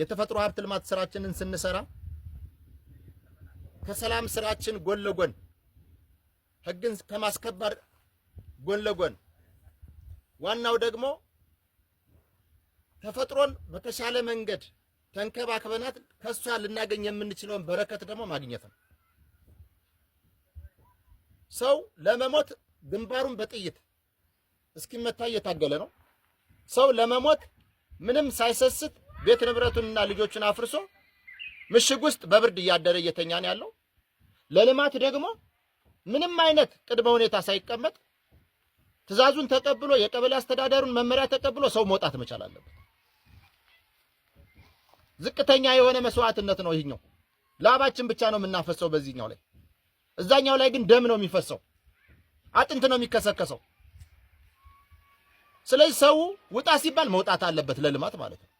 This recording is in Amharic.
የተፈጥሮ ሀብት ልማት ስራችንን ስንሰራ ከሰላም ስራችን ጎን ለጎን ህግን ከማስከበር ጎን ለጎን ዋናው ደግሞ ተፈጥሮን በተሻለ መንገድ ተንከባክበናት ከሷ ልናገኝ የምንችለውን በረከት ደግሞ ማግኘት ነው። ሰው ለመሞት ግንባሩን በጥይት እስኪመታ እየታገለ ነው። ሰው ለመሞት ምንም ሳይሰስት ቤት ንብረቱንና ልጆቹን አፍርሶ ምሽግ ውስጥ በብርድ እያደረ እየተኛ ነው ያለው። ለልማት ደግሞ ምንም አይነት ቅድመ ሁኔታ ሳይቀመጥ ትዕዛዙን ተቀብሎ የቀበሌ አስተዳደሩን መመሪያ ተቀብሎ ሰው መውጣት መቻል አለበት። ዝቅተኛ የሆነ መስዋዕትነት ነው ይህኛው። ላባችን ብቻ ነው የምናፈሰው በዚህኛው ላይ፣ እዛኛው ላይ ግን ደም ነው የሚፈሰው፣ አጥንት ነው የሚከሰከሰው። ስለዚህ ሰው ውጣ ሲባል መውጣት አለበት ለልማት ማለት ነው።